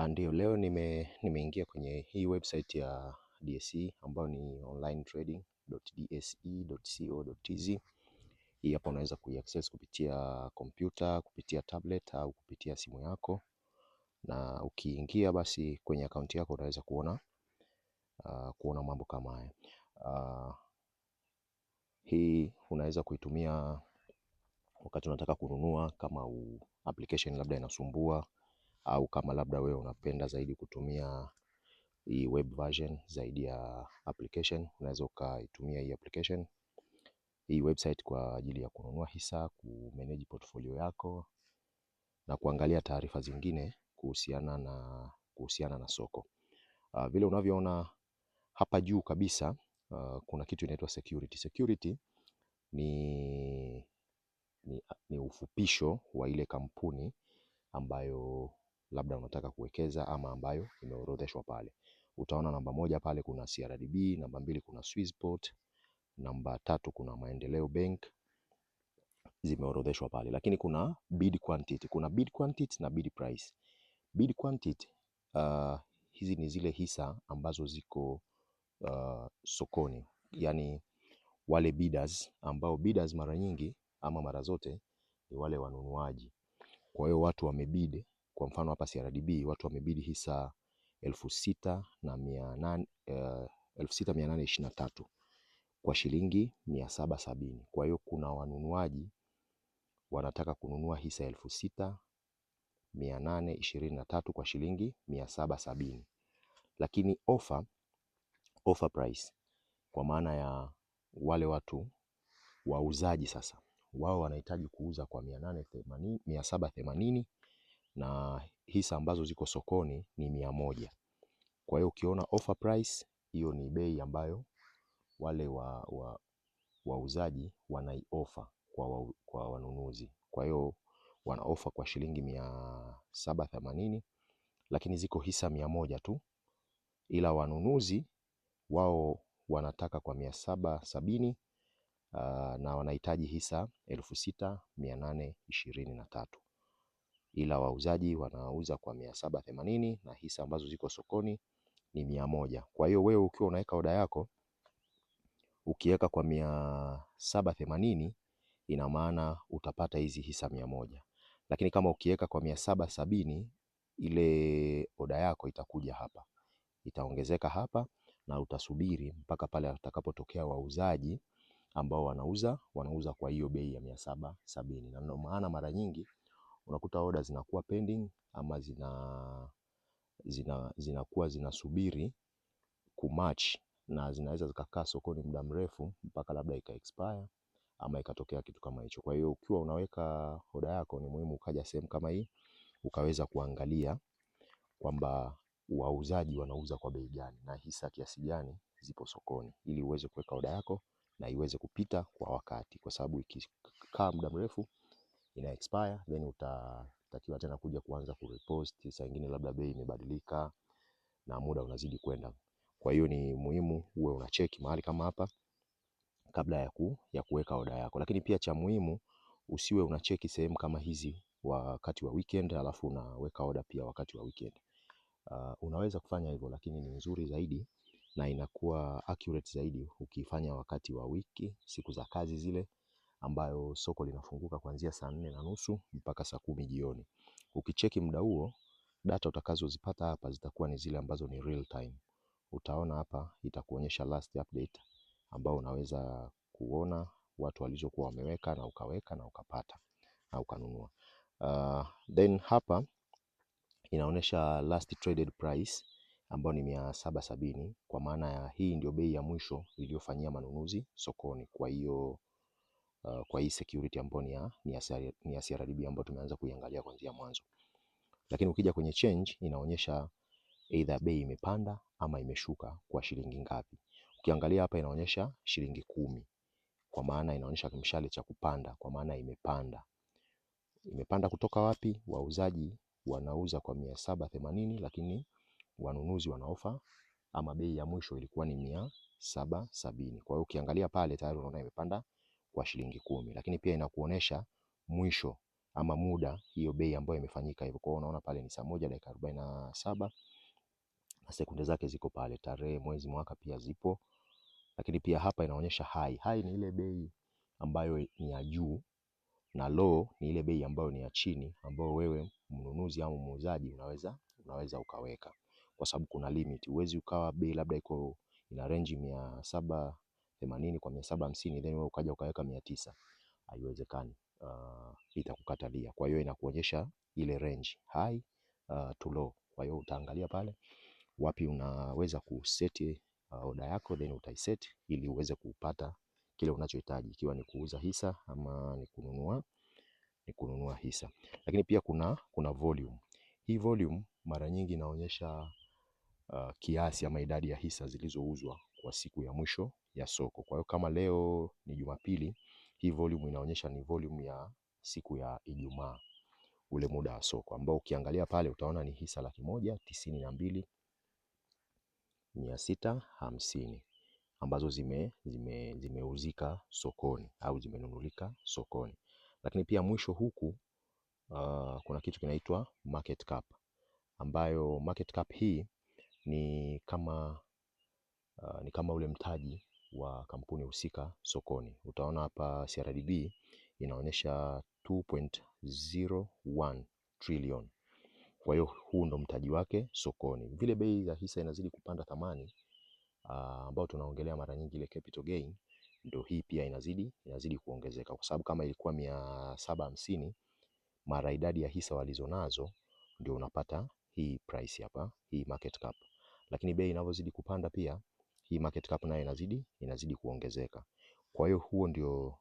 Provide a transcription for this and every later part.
Ah, ndio leo nimeingia kwenye hii website ya DSE ambayo ni onlinetrading.dse.co.tz. Hii hapa unaweza kuiaccess kupitia kompyuta, kupitia tablet au kupitia simu yako, na ukiingia basi kwenye akaunti yako unaweza kuona uh, kuona mambo kama haya uh, hii unaweza kuitumia wakati unataka kununua, kama application labda inasumbua au kama labda wewe unapenda zaidi kutumia hii web version zaidi ya application, unaweza ukaitumia hii application hii website kwa ajili ya kununua hisa, kumanage portfolio yako na kuangalia taarifa zingine kuhusiana na, kuhusiana na soko. Uh, vile unavyoona hapa juu kabisa uh, kuna kitu inaitwa security. Security ni, ni, ni ufupisho wa ile kampuni ambayo labda unataka kuwekeza ama ambayo imeorodheshwa pale. Utaona namba moja pale kuna CRDB, namba mbili kuna Swissport, namba tatu kuna Maendeleo Bank zimeorodheshwa pale. Lakini kuna bid quantity, kuna bid quantity na bid price. Bid quantity uh, hizi ni zile hisa ambazo ziko uh, sokoni, yani wale bidders ambao bidders mara nyingi ama mara zote ni wale wanunuaji. Kwa hiyo watu wamebid kwa mfano hapa CRDB watu wamebidi hisa elfu sita na mia nane eh, elfu sita mia nane ishirini na tatu kwa shilingi mia saba sabini. Kwa hiyo kuna wanunuaji wanataka kununua hisa elfu sita mia nane ishirini na tatu kwa shilingi mia saba sabini, lakini ofa offer price kwa maana ya wale watu wauzaji sasa wao wanahitaji kuuza kwa mia nane themanini, mia saba themanini na hisa ambazo ziko sokoni ni mia moja. Kwa hiyo ukiona offer price hiyo ni bei ambayo wale wauzaji wa, wa wanaiofa kwa, wa, kwa wanunuzi. Kwa hiyo wanaofa kwa shilingi mia saba themanini lakini ziko hisa mia moja tu, ila wanunuzi wao wanataka kwa mia saba sabini uh, na wanahitaji hisa elfu sita mia nane ishirini na tatu ila wauzaji wanauza kwa mia saba themanini na hisa ambazo ziko sokoni ni mia moja. Kwa hiyo wewe ukiwa unaweka oda yako ukiweka kwa mia saba themanini ina maana utapata hizi hisa mia moja, lakini kama ukiweka kwa mia saba sabini ile oda yako itakuja hapa, itaongezeka hapa na utasubiri mpaka pale atakapotokea wauzaji ambao wanauza wanauza kwa hiyo bei ya mia saba sabini, na ndio maana mara nyingi unakuta oda zinakuwa pending ama zina zina zinakuwa zinasubiri kumatch na zinaweza zikakaa sokoni muda mrefu mpaka labda ika expire ama ikatokea kitu kama hicho. Kwa hiyo ukiwa unaweka oda yako, ni muhimu ukaja sehemu kama hii ukaweza kuangalia kwamba wauzaji wanauza kwa bei gani na hisa kiasi gani zipo sokoni, ili uweze kuweka oda yako na iweze kupita kwa wakati, kwa sababu ikikaa muda mrefu ina expire, then utatakiwa tena kuja kuanza repost. Saa nyingine labda bei imebadilika na muda unazidi kwenda, kwa hiyo ni muhimu uwe unacheki mahali kama hapa kabla ya ku, ya kuweka oda yako. Lakini pia cha muhimu usiwe unacheki sehemu kama hizi wakati wa weekend alafu unaweka oda pia wakati wa weekend. Uh, unaweza kufanya hivyo lakini ni nzuri zaidi na inakuwa accurate zaidi ukifanya wakati wa wiki, siku za kazi zile ambayo soko linafunguka kuanzia saa nne na nusu mpaka saa kumi jioni. Ukicheki muda huo, data utakazozipata hapa zitakuwa ni zile ambazo ni real time. Utaona hapa itakuonyesha last update ambayo unaweza kuona watu walizokuwa wameweka na ukaweka na ukapata na ukanunua. Uh, then hapa inaonyesha last traded price ambayo ni mia saba sabini kwa maana ya hii ndio bei ya mwisho iliyofanyia manunuzi sokoni. Kwa hiyo uh, kwa hii security ambayo ni ya, ni ya, ni ya CRDB ambayo tumeanza kuiangalia kuanzia mwanzo. Lakini ukija kwenye change inaonyesha either bei imepanda ama imeshuka kwa shilingi ngapi. Ukiangalia hapa inaonyesha shilingi kumi kwa maana inaonyesha kimshale cha kupanda kwa maana imepanda. Imepanda kutoka wapi? Wauzaji wanauza kwa mia saba themanini lakini wanunuzi wanaofa ama bei ya mwisho ilikuwa ni mia saba sabini. Kwa hiyo ukiangalia pale tayari unaona imepanda kwa shilingi kumi, lakini pia inakuonesha mwisho ama muda hiyo bei ambayo imefanyika hivyo. Kwa hiyo unaona pale ni saa moja dakika arobaini na saba na sekunde zake ziko pale, tarehe, mwezi, mwaka pia zipo, lakini pia hapa inaonyesha high. High ni ile bei ambayo ni ya juu na low ni ile bei ambayo ni ya chini, ambayo wewe mnunuzi au muuzaji unaweza, unaweza ukaweka, kwa sababu kuna limit. Uwezi ukawa bei labda iko ina range mia saba themanini kwa mia saba hamsini then wewe ukaja ukaweka mia tisa haiwezekani. Uh, itakukatalia. Kwa hiyo inakuonyesha ile range high uh, to low. Kwa hiyo utaangalia pale wapi unaweza kuseti uh, ah, oda yako then utaiset ili uweze kupata kile unachohitaji, ikiwa ni kuuza hisa ama ni kununua ni kununua hisa. Lakini pia kuna kuna volume. Hii volume mara nyingi inaonyesha uh, kiasi ama idadi ya hisa zilizouzwa kwa siku ya mwisho ya soko. Kwa hiyo kama leo ni Jumapili, hii volume inaonyesha ni volume ya siku ya Ijumaa, ule muda wa soko ambao ukiangalia pale utaona ni hisa laki moja tisini na mbili mia sita hamsini ambazo zime, zime, zimeuzika sokoni au zimenunulika sokoni. Lakini pia mwisho huku uh, kuna kitu kinaitwa market cap ambayo market cap hii ni kama uh, ni kama ule mtaji wa kampuni husika sokoni. Utaona hapa CRDB inaonyesha 2.01 trillion. Kwa hiyo huu ndo mtaji wake sokoni. Vile bei za hisa inazidi kupanda thamani ah, ambao tunaongelea mara nyingi ile capital gain, ndo hii pia inazidi inazidi kuongezeka kwa sababu kama ilikuwa mia saba hamsini mara idadi ya hisa walizonazo ndio unapata hii price hapa, hii market cap. Lakini bei inavyozidi kupanda pia hii market cap nayo inazidi inazidi kuongezeka. Kwa hiyo huo ndio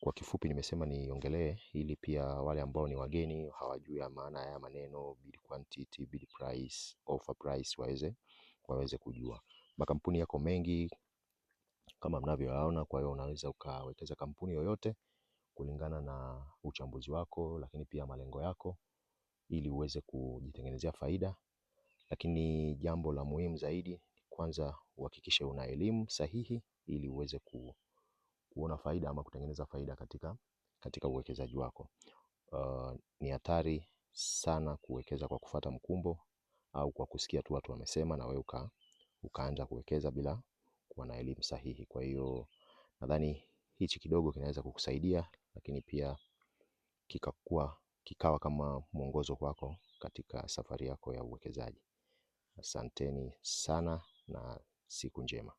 kwa kifupi nimesema niongelee, ili pia wale ambao ni wageni hawajui maana ya maneno bid quantity, bid price, offer price waweze waweze kujua. Makampuni yako mengi kama mnavyoyaona, kwa hiyo unaweza ukawekeza kampuni yoyote kulingana na uchambuzi wako, lakini pia malengo yako, ili uweze kujitengenezea faida. Lakini jambo la muhimu zaidi kwanza uhakikishe una elimu sahihi ili uweze ku, kuona faida ama kutengeneza faida katika, katika uwekezaji wako. Uh, ni hatari sana kuwekeza kwa kufata mkumbo au kwa kusikia tu watu wamesema na wewe uka, ukaanza kuwekeza bila kuwa na elimu sahihi. Kwa hiyo nadhani hichi kidogo kinaweza kukusaidia, lakini pia kikakuwa, kikawa kama mwongozo kwako katika safari yako ya uwekezaji. Asanteni sana na siku njema.